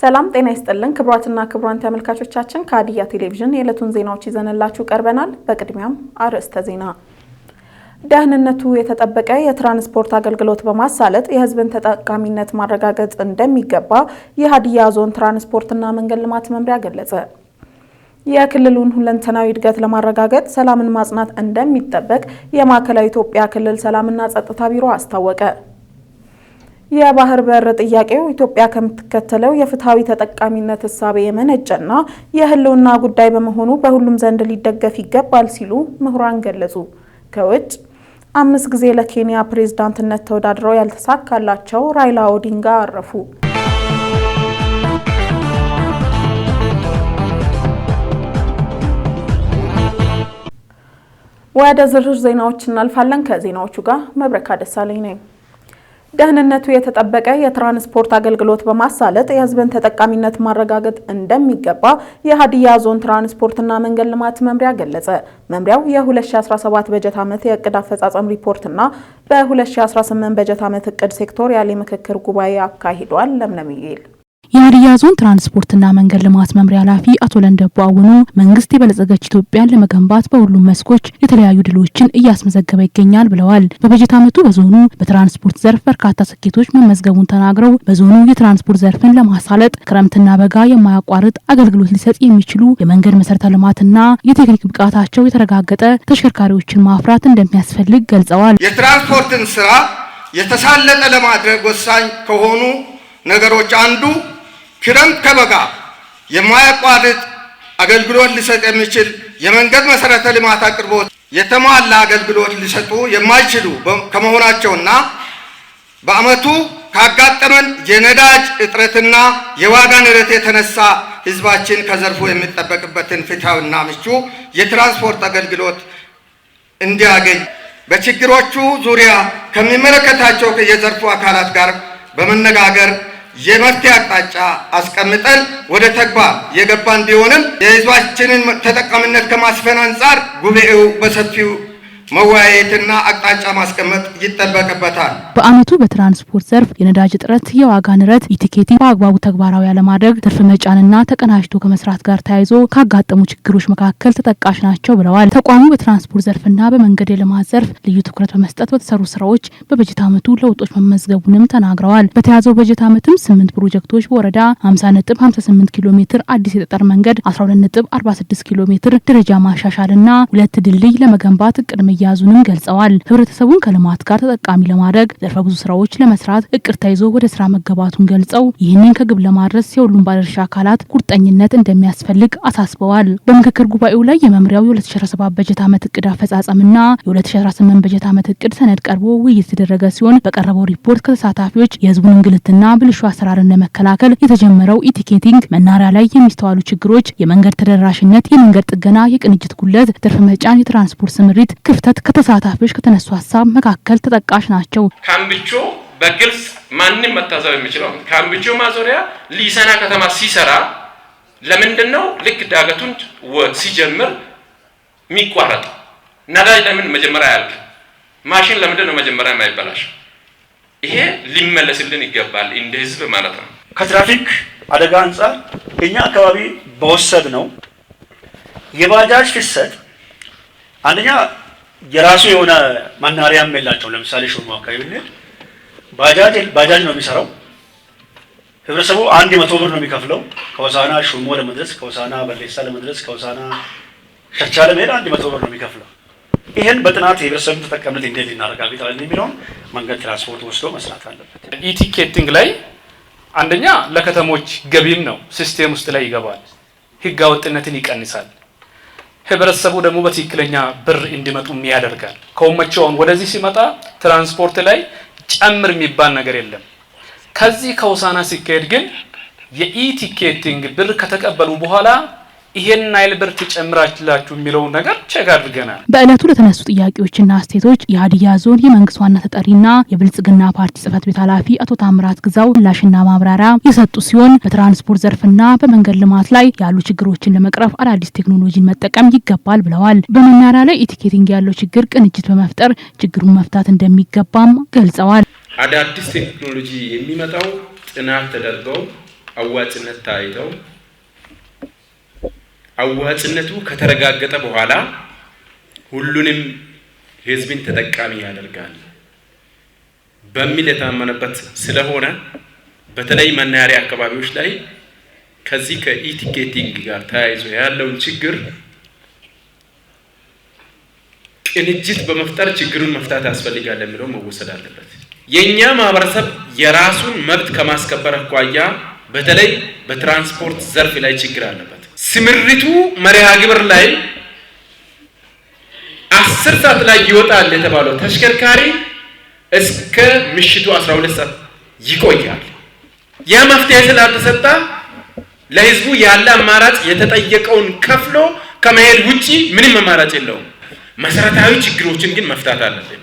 ሰላም ጤና ይስጥልን ክቡራትና ክቡራን ተመልካቾቻችን ከሀዲያ ቴሌቪዥን የዕለቱን ዜናዎች ይዘንላችሁ ቀርበናል። በቅድሚያም አርዕስተ ዜና። ደህንነቱ የተጠበቀ የትራንስፖርት አገልግሎት በማሳለጥ የሕዝብን ተጠቃሚነት ማረጋገጥ እንደሚገባ የሀዲያ ዞን ትራንስፖርትና መንገድ ልማት መምሪያ ገለጸ። የክልሉን ሁለንተናዊ እድገት ለማረጋገጥ ሰላምን ማጽናት እንደሚጠበቅ የማዕከላዊ ኢትዮጵያ ክልል ሰላምና ጸጥታ ቢሮ አስታወቀ። የባህር በር ጥያቄው ኢትዮጵያ ከምትከተለው የፍትሐዊ ተጠቃሚነት እሳቤ የመነጨና የህልውና ጉዳይ በመሆኑ በሁሉም ዘንድ ሊደገፍ ይገባል ሲሉ ምሁራን ገለጹ። ከውጭ አምስት ጊዜ ለኬንያ ፕሬዝዳንትነት ተወዳድረው ያልተሳካላቸው ራይላ ኦዲንጋ አረፉ። ወደ ዝርዝር ዜናዎች እናልፋለን። ከዜናዎቹ ጋር መብረካ ደሳለኝ ነኝ። ደህንነቱ የተጠበቀ የትራንስፖርት አገልግሎት በማሳለጥ የሕዝብን ተጠቃሚነት ማረጋገጥ እንደሚገባ የሀዲያ ዞን ትራንስፖርትና መንገድ ልማት መምሪያ ገለጸ። መምሪያው የ2017 በጀት ዓመት የእቅድ አፈጻጸም ሪፖርትና በ2018 በጀት ዓመት እቅድ ሴክቶሪያል የምክክር ጉባኤ አካሂዷል። ለምለም የሀዲያ ዞን ትራንስፖርትና መንገድ ልማት መምሪያ ኃላፊ አቶ ለንደቦ አውኖ መንግስት የበለጸገች ኢትዮጵያን ለመገንባት በሁሉም መስኮች የተለያዩ ድሎችን እያስመዘገበ ይገኛል ብለዋል። በበጀት ዓመቱ በዞኑ በትራንስፖርት ዘርፍ በርካታ ስኬቶች መመዝገቡን ተናግረው በዞኑ የትራንስፖርት ዘርፍን ለማሳለጥ ክረምትና በጋ የማያቋርጥ አገልግሎት ሊሰጥ የሚችሉ የመንገድ መሰረተ ልማትና የቴክኒክ ብቃታቸው የተረጋገጠ ተሽከርካሪዎችን ማፍራት እንደሚያስፈልግ ገልጸዋል። የትራንስፖርትን ስራ የተሳለጠ ለማድረግ ወሳኝ ከሆኑ ነገሮች አንዱ ክረምት ከበጋ የማያቋርጥ አገልግሎት ሊሰጥ የሚችል የመንገድ መሰረተ ልማት አቅርቦት የተሟላ አገልግሎት ሊሰጡ የማይችሉ ከመሆናቸውና በአመቱ ካጋጠመን የነዳጅ እጥረትና የዋጋ ንረት የተነሳ ህዝባችን ከዘርፉ የሚጠበቅበትን ፍትሐዊና ምቹ የትራንስፖርት አገልግሎት እንዲያገኝ በችግሮቹ ዙሪያ ከሚመለከታቸው የዘርፉ አካላት ጋር በመነጋገር የመፍትሄ አቅጣጫ አስቀምጠን ወደ ተግባር የገባ እንዲሆንም የህዝባችንን ተጠቃሚነት ከማስፈን አንጻር ጉባኤው በሰፊው መወያየትና አቅጣጫ ማስቀመጥ ይጠበቅበታል። በዓመቱ በትራንስፖርት ዘርፍ የነዳጅ እጥረት፣ የዋጋ ንረት፣ ኢቲኬቲ በአግባቡ ተግባራዊ አለማድረግ ትርፍ መጫንና ተቀናጅቶ ከመስራት ጋር ተያይዞ ካጋጠሙ ችግሮች መካከል ተጠቃሽ ናቸው ብለዋል። ተቋሙ በትራንስፖርት ዘርፍና በመንገድ የልማት ዘርፍ ልዩ ትኩረት በመስጠት በተሰሩ ስራዎች በበጀት ዓመቱ ለውጦች መመዝገቡንም ተናግረዋል። በተያዘው በጀት ዓመትም ስምንት ፕሮጀክቶች በወረዳ 50 ነጥብ 58 ኪሎ ሜትር አዲስ የጠጠር መንገድ 12 ነጥብ 46 ኪሎ ሜትር ደረጃ ማሻሻልና ሁለት ድልድይ ለመገንባት እቅድ መያዙንም ገልጸዋል። ህብረተሰቡን ከልማት ጋር ተጠቃሚ ለማድረግ ዘርፈ ብዙ ስራዎች ለመስራት እቅድ ተይዞ ወደ ስራ መገባቱን ገልጸው ይህንን ከግብ ለማድረስ የሁሉም ባለድርሻ አካላት ቁርጠኝነት እንደሚያስፈልግ አሳስበዋል። በምክክር ጉባኤው ላይ የመምሪያው የ2017 በጀት ዓመት እቅድ አፈጻጸምና የ2018 በጀት ዓመት እቅድ ሰነድ ቀርቦ ውይይት የተደረገ ሲሆን በቀረበው ሪፖርት ከተሳታፊዎች የህዝቡን እንግልትና ብልሹ አሰራርን ለመከላከል የተጀመረው ኢቲኬቲንግ፣ መናሪያ ላይ የሚስተዋሉ ችግሮች፣ የመንገድ ተደራሽነት፣ የመንገድ ጥገና፣ የቅንጅት ጉለት፣ ትርፍ መጫን፣ የትራንስፖርት ስምሪት ክፍተት በመመልከት ከተሳታፊዎች ከተነሱ ሀሳብ መካከል ተጠቃሽ ናቸው። ካምብቾ በግልጽ ማንም መታዘብ የሚችለው ካምብቾ ማዞሪያ ሊሰና ከተማ ሲሰራ ለምንድን ነው ልክ ዳገቱን ሲጀምር የሚቋረጠው? ነዳጅ ለምን መጀመሪያ ያልቅ? ማሽን ለምንድን ነው መጀመሪያ የማይበላሽ? ይሄ ሊመለስልን ይገባል እንደ ህዝብ ማለት ነው። ከትራፊክ አደጋ አንጻር እኛ አካባቢ በወሰድ ነው የባጃጅ ፍሰት አንደኛ የራሱ የሆነ መናሪያም የላቸው። ለምሳሌ ሾሞ አካባቢ ብንሄድ ባጃጅ ነው የሚሰራው። ህብረተሰቡ አንድ መቶ ብር ነው የሚከፍለው ከወሳና ሹሞ ለመድረስ፣ ከወሳና በሌሳ ለመድረስ፣ ከወሳና ሸቻ ለመሄድ አንድ መቶ ብር ነው የሚከፍለው። ይህን በጥናት የህብረተሰቡን ተጠቃሚነት እንዴት እናረጋግጣለን የሚለውን መንገድ ትራንስፖርት ወስዶ መስራት አለበት። ኢቲኬቲንግ ላይ አንደኛ ለከተሞች ገቢም ነው፣ ሲስቴም ውስጥ ላይ ይገባል፣ ህገ ወጥነትን ይቀንሳል። ህብረተሰቡ ደግሞ በትክክለኛ ብር እንዲመጡም ያደርጋል። ከውመቸውን ወደዚህ ሲመጣ ትራንስፖርት ላይ ጨምር የሚባል ነገር የለም። ከዚህ ከውሳና ሲካሄድ ግን የኢቲኬቲንግ ብር ከተቀበሉ በኋላ ይሄን አይል ብር ትጨምራችላችሁ የሚለውን ነገር ቸግ አድርገናል። በእለቱ ለተነሱ ጥያቄዎችና አስተያየቶች የሀዲያ ዞን የመንግስት ዋና ተጠሪና የብልጽግና ፓርቲ ጽህፈት ቤት ኃላፊ አቶ ታምራት ግዛው ምላሽና ማብራሪያ የሰጡ ሲሆን በትራንስፖርት ዘርፍና በመንገድ ልማት ላይ ያሉ ችግሮችን ለመቅረፍ አዳዲስ ቴክኖሎጂን መጠቀም ይገባል ብለዋል። በመናሪያ ላይ ኢቲኬቲንግ ያለው ችግር ቅንጅት በመፍጠር ችግሩን መፍታት እንደሚገባም ገልጸዋል። አዳዲስ ቴክኖሎጂ የሚመጣው ጥናት ተደርገው አዋጭነት ታይተው አዋጭነቱ ከተረጋገጠ በኋላ ሁሉንም ህዝብን ተጠቃሚ ያደርጋል በሚል የታመነበት ስለሆነ በተለይ መናኸሪያ አካባቢዎች ላይ ከዚህ ከኢቲኬቲንግ ጋር ተያይዞ ያለውን ችግር ቅንጅት በመፍጠር ችግሩን መፍታት ያስፈልጋል የሚለው መወሰድ አለበት። የእኛ ማህበረሰብ የራሱን መብት ከማስከበር አኳያ በተለይ በትራንስፖርት ዘርፍ ላይ ችግር አለበት። ስምሪቱ መሪያ ግብር ላይ አስር ሰዓት ላይ ይወጣል የተባለው ተሽከርካሪ እስከ ምሽቱ 12 ሰዓት ይቆያል። ያ መፍትሄ ስላልተሰጣ ለህዝቡ ያለ አማራጭ የተጠየቀውን ከፍሎ ከመሄድ ውጪ ምንም አማራጭ የለውም። መሰረታዊ ችግሮችን ግን መፍታት አለብን።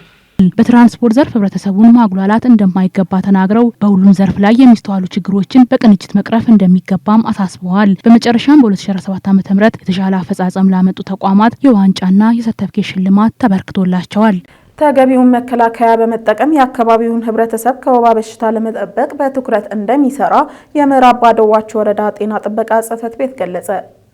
በትራንስፖርት ዘርፍ ህብረተሰቡን ማጉላላት እንደማይገባ ተናግረው በሁሉም ዘርፍ ላይ የሚስተዋሉ ችግሮችን በቅንጅት መቅረፍ እንደሚገባም አሳስበዋል። በመጨረሻም በ2017 ዓ ም የተሻለ አፈጻጸም ላመጡ ተቋማት የዋንጫና የሰተፍኬ ሽልማት ተበርክቶላቸዋል። ተገቢውን መከላከያ በመጠቀም የአካባቢውን ህብረተሰብ ከወባ በሽታ ለመጠበቅ በትኩረት እንደሚሰራ የምዕራብ ባደዋቾ ወረዳ ጤና ጥበቃ ጽህፈት ቤት ገለጸ።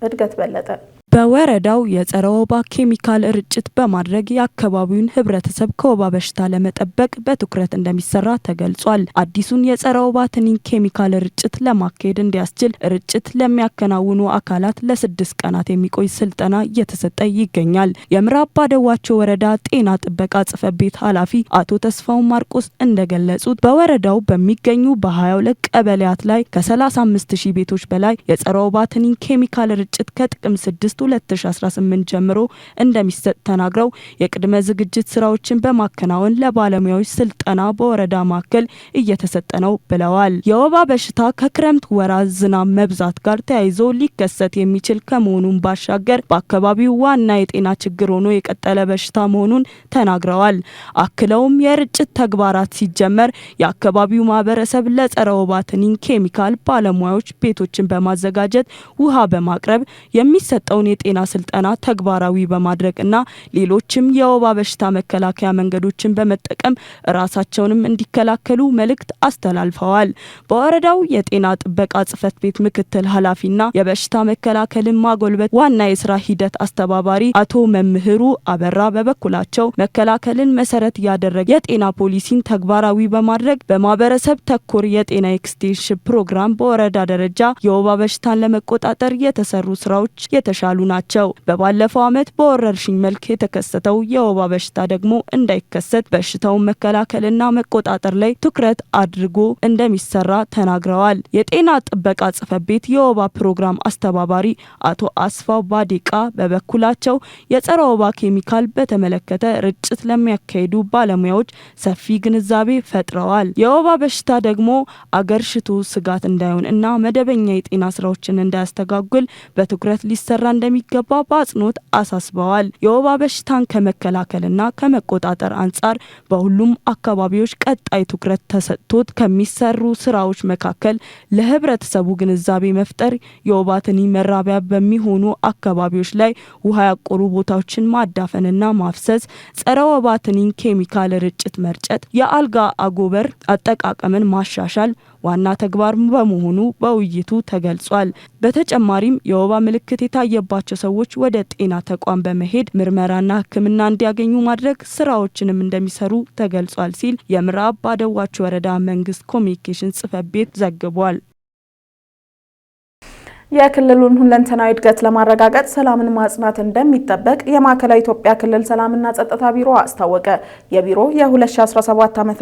እድገት በለጠ በወረዳው የጸረ ወባ ኬሚካል ርጭት በማድረግ የአካባቢውን ህብረተሰብ ከወባ በሽታ ለመጠበቅ በትኩረት እንደሚሰራ ተገልጿል። አዲሱን የጸረ ወባ ትንኝ ኬሚካል ርጭት ለማካሄድ እንዲያስችል ርጭት ለሚያከናውኑ አካላት ለስድስት ቀናት የሚቆይ ስልጠና እየተሰጠ ይገኛል። የምዕራብ ባደዋቸው ወረዳ ጤና ጥበቃ ጽህፈት ቤት ኃላፊ አቶ ተስፋው ማርቆስ እንደገለጹት በወረዳው በሚገኙ በ22 ቀበሌያት ላይ ከ35 ሺህ ቤቶች በላይ የጸረ ወባ ትንኝ ኬሚካል ርጭት ከጥቅም ስድስቱ 2018 ጀምሮ እንደሚሰጥ ተናግረው የቅድመ ዝግጅት ስራዎችን በማከናወን ለባለሙያዎች ስልጠና በወረዳ ማዕከል እየተሰጠ ነው ብለዋል። የወባ በሽታ ከክረምት ወራት ዝናብ መብዛት ጋር ተያይዞ ሊከሰት የሚችል ከመሆኑን ባሻገር በአካባቢው ዋና የጤና ችግር ሆኖ የቀጠለ በሽታ መሆኑን ተናግረዋል። አክለውም የርጭት ተግባራት ሲጀመር የአካባቢው ማህበረሰብ ለጸረ ወባ ትንኝ ኬሚካል ባለሙያዎች ቤቶችን በማዘጋጀት ውሃ በማቅረብ የሚሰጠውን የጤና ስልጠና ተግባራዊ በማድረግና ሌሎችም የወባ በሽታ መከላከያ መንገዶችን በመጠቀም ራሳቸውንም እንዲከላከሉ መልእክት አስተላልፈዋል። በወረዳው የጤና ጥበቃ ጽህፈት ቤት ምክትል ኃላፊና የበሽታ መከላከልን ማጎልበት ዋና የስራ ሂደት አስተባባሪ አቶ መምህሩ አበራ በበኩላቸው መከላከልን መሰረት ያደረገ የጤና ፖሊሲን ተግባራዊ በማድረግ በማህበረሰብ ተኮር የጤና ኤክስቴንሽን ፕሮግራም በወረዳ ደረጃ የወባ በሽታን ለመቆጣጠር የተሰሩ ስራዎች የተሻሉ ናቸው። በባለፈው ዓመት በወረርሽኝ መልክ የተከሰተው የወባ በሽታ ደግሞ እንዳይከሰት በሽታውን መከላከልና መቆጣጠር ላይ ትኩረት አድርጎ እንደሚሰራ ተናግረዋል። የጤና ጥበቃ ጽህፈት ቤት የወባ ፕሮግራም አስተባባሪ አቶ አስፋው ባዴቃ በበኩላቸው የጸረ ወባ ኬሚካል በተመለከተ ርጭት ለሚያካሂዱ ባለሙያዎች ሰፊ ግንዛቤ ፈጥረዋል። የወባ በሽታ ደግሞ አገር ሽቱ ስጋት እንዳይሆን እና መደበኛ የጤና ስራዎችን እንዳያስተጓጉል በትኩረት ሊሰራ እንደሚገባ በአጽንኦት አሳስበዋል። የወባ በሽታን ከመከላከልና ከመቆጣጠር አንጻር በሁሉም አካባቢዎች ቀጣይ ትኩረት ተሰጥቶት ከሚሰሩ ስራዎች መካከል ለህብረተሰቡ ግንዛቤ መፍጠር፣ የወባ ትንኝ መራቢያ በሚሆኑ አካባቢዎች ላይ ውሃ ያቆሩ ቦታዎችን ማዳፈንና ማፍሰስ፣ ጸረ ወባ ትንኝ ኬሚካል ርጭት መርጨት፣ የአልጋ አጎበር አጠቃቀምን ማሻሻል ዋና ተግባር በመሆኑ በውይይቱ ተገልጿል። በተጨማሪም የወባ ምልክት የታየባቸው ሰዎች ወደ ጤና ተቋም በመሄድ ምርመራና ሕክምና እንዲያገኙ ማድረግ ስራዎችንም እንደሚሰሩ ተገልጿል ሲል የምዕራብ ባደዋቸው ወረዳ መንግስት ኮሚኒኬሽን ጽህፈት ቤት ዘግቧል። የክልሉን ሁለንተናዊ እድገት ለማረጋገጥ ሰላምን ማጽናት እንደሚጠበቅ የማዕከላዊ ኢትዮጵያ ክልል ሰላምና ጸጥታ ቢሮ አስታወቀ። የቢሮ የ2017 ዓ ም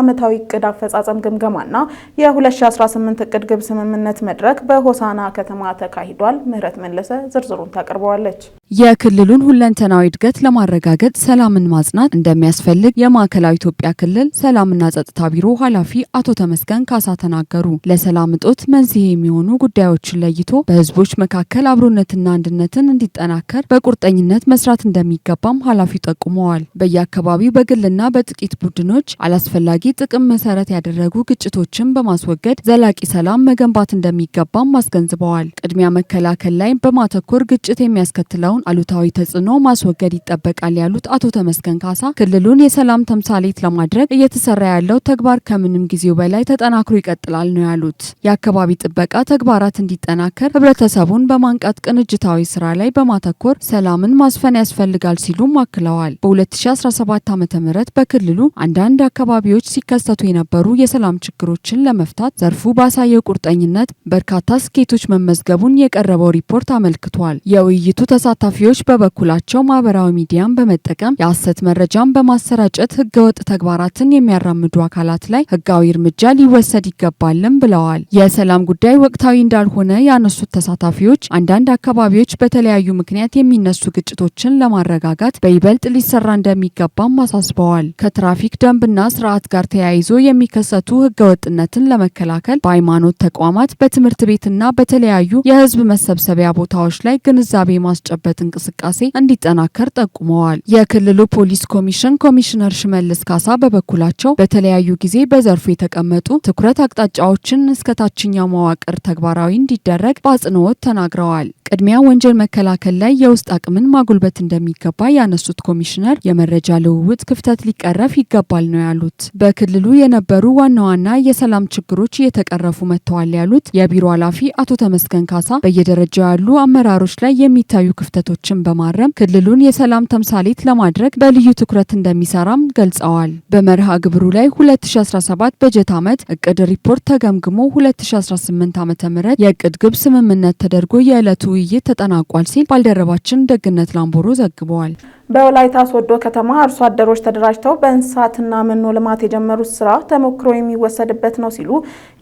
ዓመታዊ እቅድ አፈጻጸም ግምገማና የ2018 እቅድ ግብ ስምምነት መድረክ በሆሳና ከተማ ተካሂዷል። ምህረት መለሰ ዝርዝሩን ታቀርበዋለች። የክልሉን ሁለንተናዊ እድገት ለማረጋገጥ ሰላምን ማጽናት እንደሚያስፈልግ የማዕከላዊ ኢትዮጵያ ክልል ሰላምና ጸጥታ ቢሮ ኃላፊ አቶ ተመስገን ካሳ ተናገሩ። ለሰላም እጦት መንስኤ የሚሆኑ ጉዳዮችን ለይቶ በህዝቦች መካከል አብሮነትና አንድነትን እንዲጠናከር በቁርጠኝነት መስራት እንደሚገባም ኃላፊው ጠቁመዋል። በየአካባቢው በግልና በጥቂት ቡድኖች አላስፈላጊ ጥቅም መሰረት ያደረጉ ግጭቶችን በማስወገድ ዘላቂ ሰላም መገንባት እንደሚገባም አስገንዝበዋል። ቅድሚያ መከላከል ላይ በማተኮር ግጭት የሚያስከትለው። ያለውን አሉታዊ ተጽዕኖ ማስወገድ ይጠበቃል ያሉት አቶ ተመስገን ካሳ ክልሉን የሰላም ተምሳሌት ለማድረግ እየተሰራ ያለው ተግባር ከምንም ጊዜው በላይ ተጠናክሮ ይቀጥላል ነው ያሉት። የአካባቢ ጥበቃ ተግባራት እንዲጠናከር ህብረተሰቡን በማንቃት ቅንጅታዊ ስራ ላይ በማተኮር ሰላምን ማስፈን ያስፈልጋል ሲሉም አክለዋል። በ2017 ዓ ም በክልሉ አንዳንድ አካባቢዎች ሲከሰቱ የነበሩ የሰላም ችግሮችን ለመፍታት ዘርፉ ባሳየው ቁርጠኝነት በርካታ ስኬቶች መመዝገቡን የቀረበው ሪፖርት አመልክቷል። የውይይቱ ተሳታ ተሳታፊዎች በበኩላቸው ማህበራዊ ሚዲያን በመጠቀም የሐሰት መረጃን በማሰራጨት ህገወጥ ተግባራትን የሚያራምዱ አካላት ላይ ህጋዊ እርምጃ ሊወሰድ ይገባልም ብለዋል። የሰላም ጉዳይ ወቅታዊ እንዳልሆነ ያነሱት ተሳታፊዎች አንዳንድ አካባቢዎች በተለያዩ ምክንያት የሚነሱ ግጭቶችን ለማረጋጋት በይበልጥ ሊሰራ እንደሚገባም አሳስበዋል። ከትራፊክ ደንብና ስርዓት ጋር ተያይዞ የሚከሰቱ ህገወጥነትን ለመከላከል በሃይማኖት ተቋማት፣ በትምህርት ቤትና በተለያዩ የህዝብ መሰብሰቢያ ቦታዎች ላይ ግንዛቤ ማስጨበጥ ያለበት እንቅስቃሴ እንዲጠናከር ጠቁመዋል። የክልሉ ፖሊስ ኮሚሽን ኮሚሽነር ሽመልስ ካሳ በበኩላቸው በተለያዩ ጊዜ በዘርፉ የተቀመጡ ትኩረት አቅጣጫዎችን እስከ ታችኛው መዋቅር ተግባራዊ እንዲደረግ በአጽንኦት ተናግረዋል። ቅድሚያ ወንጀል መከላከል ላይ የውስጥ አቅምን ማጉልበት እንደሚገባ ያነሱት ኮሚሽነር የመረጃ ልውውጥ ክፍተት ሊቀረፍ ይገባል ነው ያሉት። በክልሉ የነበሩ ዋና ዋና የሰላም ችግሮች እየተቀረፉ መጥተዋል ያሉት የቢሮ ኃላፊ አቶ ተመስገን ካሳ በየደረጃው ያሉ አመራሮች ላይ የሚታዩ ክፍተቶችን በማረም ክልሉን የሰላም ተምሳሌት ለማድረግ በልዩ ትኩረት እንደሚሰራም ገልጸዋል። በመርሃ ግብሩ ላይ 2017 በጀት ዓመት እቅድ ሪፖርት ተገምግሞ 2018 ዓ ም የእቅድ ግብ ስምምነት ተደርጎ የዕለቱ ውይይት ተጠናቋል ሲል ባልደረባችን ደግነት ላምቦሮ ዘግበዋል። በወላይታ ሶዶ ከተማ አርሶ አደሮች ተደራጅተው በእንስሳትና መኖ ልማት የጀመሩት ስራ ተሞክሮ የሚወሰድበት ነው ሲሉ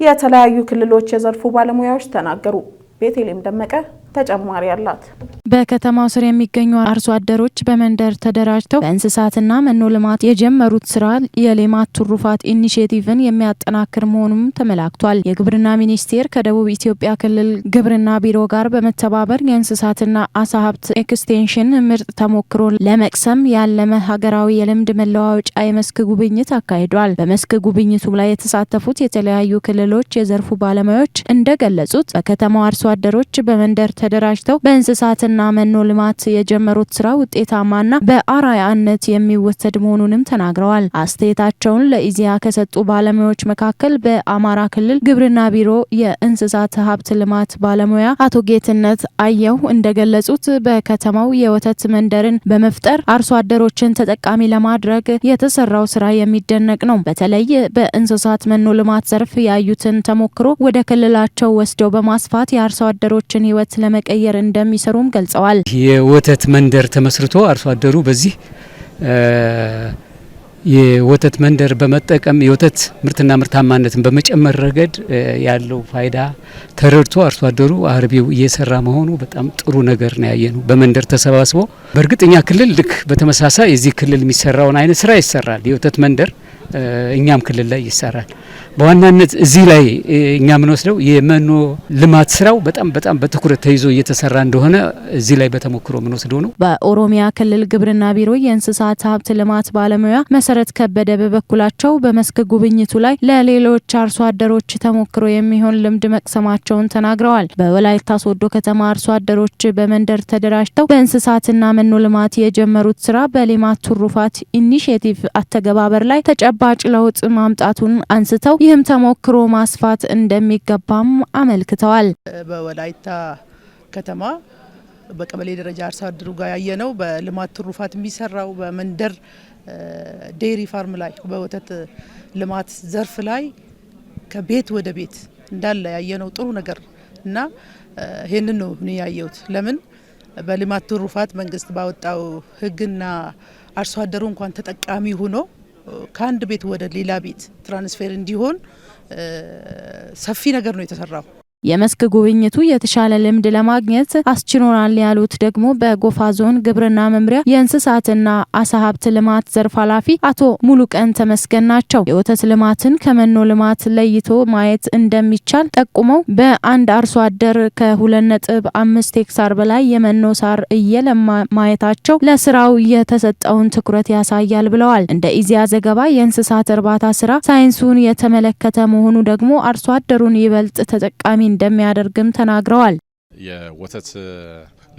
የተለያዩ ክልሎች የዘርፉ ባለሙያዎች ተናገሩ። ቤቴሌም ደመቀ ተጨማሪ አላት። በከተማው ስር የሚገኙ አርሶ አደሮች በመንደር ተደራጅተው በእንስሳትና መኖ ልማት የጀመሩት ስራ የሌማት ትሩፋት ኢኒሽቲቭን የሚያጠናክር መሆኑም ተመላክቷል። የግብርና ሚኒስቴር ከደቡብ ኢትዮጵያ ክልል ግብርና ቢሮ ጋር በመተባበር የእንስሳትና አሳ ሀብት ኤክስቴንሽን ምርጥ ተሞክሮ ለመቅሰም ያለመ ሀገራዊ የልምድ መለዋወጫ የመስክ ጉብኝት አካሂዷል። በመስክ ጉብኝቱ ላይ የተሳተፉት የተለያዩ ክልሎች የዘርፉ ባለሙያዎች እንደገለጹት በከተማው አርሶ አደሮች በመንደር ተደራጅተው በእንስሳትና መኖ ልማት የጀመሩት ስራ ውጤታማና በአራያነት የሚወሰድ መሆኑንም ተናግረዋል። አስተያየታቸውን ለኢዜአ ከሰጡ ባለሙያዎች መካከል በአማራ ክልል ግብርና ቢሮ የእንስሳት ሀብት ልማት ባለሙያ አቶ ጌትነት አየሁ እንደገለጹት በከተማው የወተት መንደርን በመፍጠር አርሶ አደሮችን ተጠቃሚ ለማድረግ የተሰራው ስራ የሚደነቅ ነው። በተለይ በእንስሳት መኖ ልማት ዘርፍ ያዩትን ተሞክሮ ወደ ክልላቸው ወስደው በማስፋት የአርሶ አደሮችን ህይወት ለመቀየር እንደሚሰሩም ገልጸዋል። የወተት መንደር ተመስርቶ አርሶ አደሩ በዚህ የወተት መንደር በመጠቀም የወተት ምርትና ምርታማነትን በመጨመር ረገድ ያለው ፋይዳ ተረድቶ አርሶ አደሩ አርቢው እየሰራ መሆኑ በጣም ጥሩ ነገር ነው ያየ ነው። በመንደር ተሰባስቦ በእርግጠኛ ክልል ልክ በተመሳሳይ የዚህ ክልል የሚሰራውን አይነት ስራ ይሰራል። የወተት መንደር እኛም ክልል ላይ ይሰራል። በዋናነት እዚህ ላይ እኛ የምንወስደው የመኖ ልማት ስራው በጣም በጣም በትኩረት ተይዞ እየተሰራ እንደሆነ እዚህ ላይ በተሞክሮ የምንወስደው ነው። በኦሮሚያ ክልል ግብርና ቢሮ የእንስሳት ሀብት ልማት ባለሙያ መሰረት ከበደ በበኩላቸው በመስክ ጉብኝቱ ላይ ለሌሎች አርሶ አደሮች ተሞክሮ የሚሆን ልምድ መቅሰማቸውን ተናግረዋል። በወላይታ ሶዶ ከተማ አርሶ አደሮች በመንደር ተደራጅተው በእንስሳትና መኖ ልማት የጀመሩት ስራ በሌማት ትሩፋት ኢኒሽቲቭ አተገባበር ላይ ተጨባጭ ለውጥ ማምጣቱን አንስተው ይህም ተሞክሮ ማስፋት እንደሚገባም አመልክተዋል። በወላይታ ከተማ በቀበሌ ደረጃ አርሶ አደሩ ጋር ያየነው በልማት ትሩፋት የሚሰራው በመንደር ዴሪ ፋርም ላይ በወተት ልማት ዘርፍ ላይ ከቤት ወደ ቤት እንዳለ ያየነው ጥሩ ነገር እና ይህንን ነው እኔ ያየሁት። ለምን በልማት ትሩፋት መንግስት ባወጣው ህግና አርሶ አደሩ እንኳን ተጠቃሚ ሆኖ ከአንድ ቤት ወደ ሌላ ቤት ትራንስፌር እንዲሆን ሰፊ ነገር ነው የተሰራው። የመስክ ጉብኝቱ የተሻለ ልምድ ለማግኘት አስችሎናል ያሉት ደግሞ በጎፋ ዞን ግብርና መምሪያ የእንስሳትና አሳ ሀብት ልማት ዘርፍ ኃላፊ አቶ ሙሉቀን ተመስገን ናቸው። የወተት ልማትን ከመኖ ልማት ለይቶ ማየት እንደሚቻል ጠቁመው በአንድ አርሶ አደር ከሁለት ነጥብ አምስት ሄክታር በላይ የመኖ ሳር እየለማ ማየታቸው ለስራው የተሰጠውን ትኩረት ያሳያል ብለዋል። እንደ ኢዜአ ዘገባ የእንስሳት እርባታ ስራ ሳይንሱን የተመለከተ መሆኑ ደግሞ አርሶ አደሩን ይበልጥ ተጠቃሚ እንደሚያደርግም ተናግረዋል። የወተት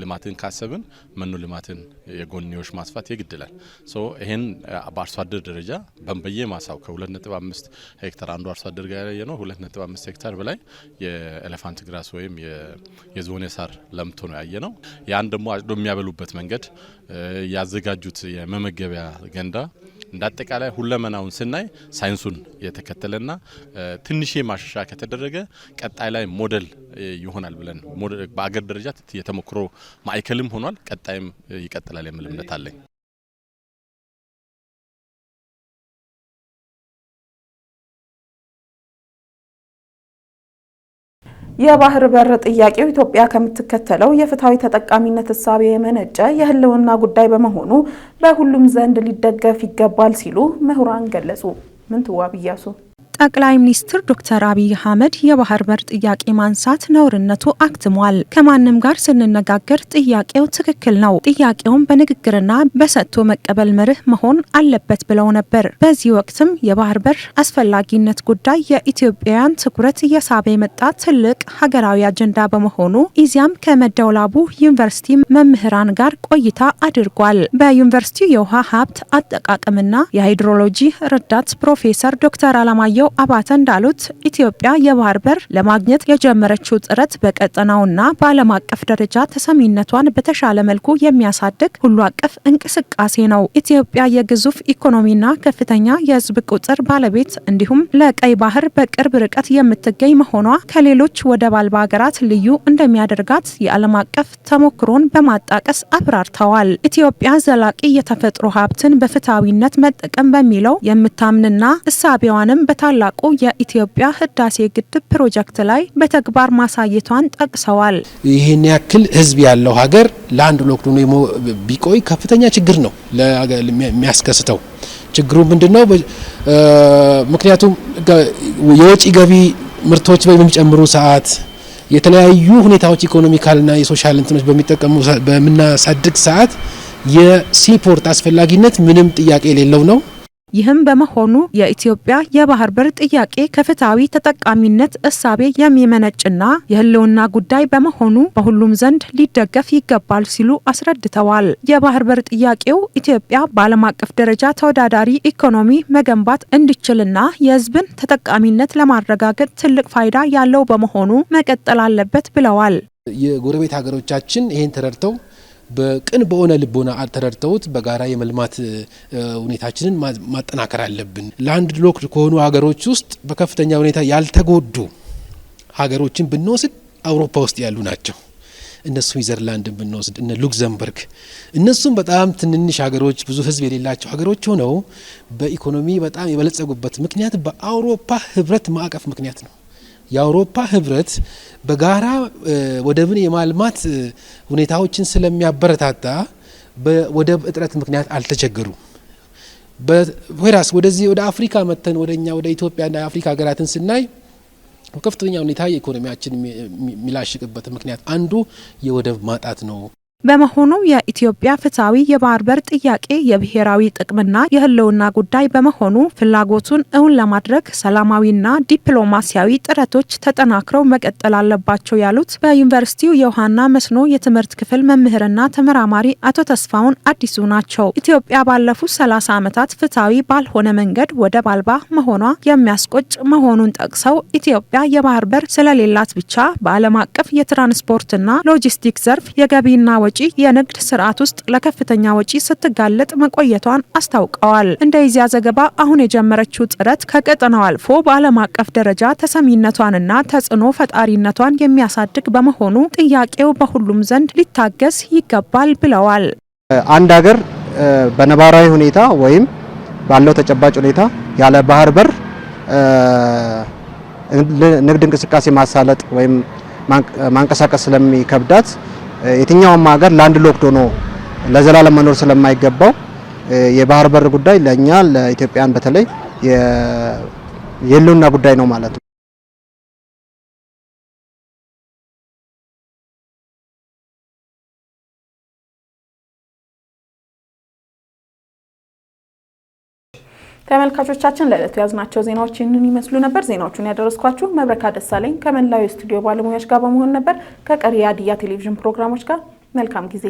ልማትን ካሰብን መኖ ልማትን የጎንዮሽ ማስፋት የግድላል። ይህን በአርሶ አደር ደረጃ በንበየ ማሳው ከ2.5 ሄክታር አንዱ አርሶ አደር ጋር ያለየ ነው። 2.5 ሄክታር በላይ የኤሌፋንት ግራስ ወይም የዞኔ ሳር ለምቶ ነው ያየ ነው። ያን ደግሞ አጭዶ የሚያበሉበት መንገድ ያዘጋጁት የመመገቢያ ገንዳ እንደ አጠቃላይ ሁለመናውን ስናይ ሳይንሱን የተከተለና ትንሽ ማሻሻያ ከተደረገ ቀጣይ ላይ ሞዴል ይሆናል ብለን በአገር ደረጃ የተሞክሮ ማዕከልም ሆኗል። ቀጣይም ይቀጥላል የሚል እምነት አለኝ። የባህር በር ጥያቄው ኢትዮጵያ ከምትከተለው የፍትሐዊ ተጠቃሚነት እሳቤ የመነጨ የህልውና ጉዳይ በመሆኑ በሁሉም ዘንድ ሊደገፍ ይገባል ሲሉ ምሁራን ገለጹ። ምንትዋብ እያሱ ጠቅላይ ሚኒስትር ዶክተር አብይ አህመድ የባህር በር ጥያቄ ማንሳት ነውርነቱ አክትሟል። ከማንም ጋር ስንነጋገር ጥያቄው ትክክል ነው፣ ጥያቄውም በንግግርና በሰጥቶ መቀበል መርህ መሆን አለበት ብለው ነበር። በዚህ ወቅትም የባህር በር አስፈላጊነት ጉዳይ የኢትዮጵያውያን ትኩረት እየሳበ የመጣ ትልቅ ሀገራዊ አጀንዳ በመሆኑ ኢዚያም ከመደውላቡ ዩኒቨርሲቲ መምህራን ጋር ቆይታ አድርጓል። በዩኒቨርሲቲ የውሃ ሀብት አጠቃቀምና የሃይድሮሎጂ ረዳት ፕሮፌሰር ዶክተር አለማየሁ አለማየሁ አባተ እንዳሉት ኢትዮጵያ የባህር በር ለማግኘት የጀመረችው ጥረት በቀጠናውና በዓለም አቀፍ ደረጃ ተሰሚነቷን በተሻለ መልኩ የሚያሳድግ ሁሉ አቀፍ እንቅስቃሴ ነው። ኢትዮጵያ የግዙፍ ኢኮኖሚና ከፍተኛ የህዝብ ቁጥር ባለቤት እንዲሁም ለቀይ ባህር በቅርብ ርቀት የምትገኝ መሆኗ ከሌሎች ወደብ አልባ ሀገራት ልዩ እንደሚያደርጋት የዓለም አቀፍ ተሞክሮን በማጣቀስ አብራርተዋል። ኢትዮጵያ ዘላቂ የተፈጥሮ ሀብትን በፍትሐዊነት መጠቀም በሚለው የምታምንና እሳቢዋንም በታ ታላቁ የኢትዮጵያ ህዳሴ ግድብ ፕሮጀክት ላይ በተግባር ማሳየቷን ጠቅሰዋል። ይህን ያክል ህዝብ ያለው ሀገር ለአንድ ብሎክ ደግሞ ቢቆይ ከፍተኛ ችግር ነው የሚያስከስተው። ችግሩ ምንድን ነው? ምክንያቱም የወጪ ገቢ ምርቶች በሚጨምሩ ሰዓት የተለያዩ ሁኔታዎች ኢኮኖሚካልና የሶሻል እንትኖች በሚጠቀሙ በምናሳድግ ሰዓት የሲፖርት አስፈላጊነት ምንም ጥያቄ የሌለው ነው። ይህም በመሆኑ የኢትዮጵያ የባህር በር ጥያቄ ከፍትሐዊ ተጠቃሚነት እሳቤ የሚመነጭና የህልውና ጉዳይ በመሆኑ በሁሉም ዘንድ ሊደገፍ ይገባል ሲሉ አስረድተዋል። የባህር በር ጥያቄው ኢትዮጵያ በዓለም አቀፍ ደረጃ ተወዳዳሪ ኢኮኖሚ መገንባት እንዲችልና የህዝብን ተጠቃሚነት ለማረጋገጥ ትልቅ ፋይዳ ያለው በመሆኑ መቀጠል አለበት ብለዋል። የጎረቤት ሀገሮቻችን ይህን ተረድተው በቅን በሆነ ልቦና ተረድተውት በጋራ የመልማት ሁኔታችንን ማጠናከር አለብን። ላንድ ሎክድ ከሆኑ ሀገሮች ውስጥ በከፍተኛ ሁኔታ ያልተጎዱ ሀገሮችን ብንወስድ አውሮፓ ውስጥ ያሉ ናቸው። እነሱ ስዊዘርላንድን ብንወስድ እነ ሉክዘምበርግ እነሱም በጣም ትንንሽ ሀገሮች ብዙ ሕዝብ የሌላቸው ሀገሮች ሆነው በኢኮኖሚ በጣም የበለጸጉበት ምክንያት በአውሮፓ ሕብረት ማዕቀፍ ምክንያት ነው። የአውሮፓ ህብረት በጋራ ወደብን የማልማት ሁኔታዎችን ስለሚያበረታታ በወደብ እጥረት ምክንያት አልተቸገሩም። በራስ ወደዚህ ወደ አፍሪካ መተን ወደ እኛ ወደ ኢትዮጵያና የአፍሪካ ሀገራትን ስናይ ከፍተኛ ሁኔታ የኢኮኖሚያችን የሚላሽቅበት ምክንያት አንዱ የወደብ ማጣት ነው። በመሆኑ የኢትዮጵያ ፍትሐዊ የባህር በር ጥያቄ የብሔራዊ ጥቅምና የህልውና ጉዳይ በመሆኑ ፍላጎቱን እውን ለማድረግ ሰላማዊና ዲፕሎማሲያዊ ጥረቶች ተጠናክረው መቀጠል አለባቸው ያሉት በዩኒቨርሲቲው የውሃና መስኖ የትምህርት ክፍል መምህርና ተመራማሪ አቶ ተስፋውን አዲሱ ናቸው። ኢትዮጵያ ባለፉት ሰላሳ ዓመታት ፍትሐዊ ባልሆነ መንገድ ወደብ አልባ መሆኗ የሚያስቆጭ መሆኑን ጠቅሰው ኢትዮጵያ የባህር በር ስለሌላት ብቻ በዓለም አቀፍ የትራንስፖርትና ሎጂስቲክስ ዘርፍ የገቢና ወጪ ወጪ የንግድ ስርዓት ውስጥ ለከፍተኛ ወጪ ስትጋለጥ መቆየቷን አስታውቀዋል። እንደ ኢዜአ ዘገባ አሁን የጀመረችው ጥረት ከቀጠናው አልፎ በዓለም አቀፍ ደረጃ ተሰሚነቷንና ተጽዕኖ ፈጣሪነቷን የሚያሳድግ በመሆኑ ጥያቄው በሁሉም ዘንድ ሊታገስ ይገባል ብለዋል። አንድ ሀገር በነባራዊ ሁኔታ ወይም ባለው ተጨባጭ ሁኔታ ያለ ባህር በር ንግድ እንቅስቃሴ ማሳለጥ ወይም ማንቀሳቀስ ስለሚከብዳት የትኛውም ሀገር ላንድ ሎክድ ሆኖ ለዘላለም መኖር ስለማይገባው የባህር በር ጉዳይ ለእኛ ለኢትዮጵያን በተለይ የህልውና ጉዳይ ነው ማለት ነው። ተመልካቾቻችን ለዕለቱ ያዝናቸው ዜናዎች ይህንን ይመስሉ ነበር። ዜናዎቹን ያደረስኳችሁ መብረካ ደሳለኝ ከመላው የስቱዲዮ ባለሙያዎች ጋር በመሆን ነበር። ከቀሪ የሀዲያ ቴሌቪዥን ፕሮግራሞች ጋር መልካም ጊዜ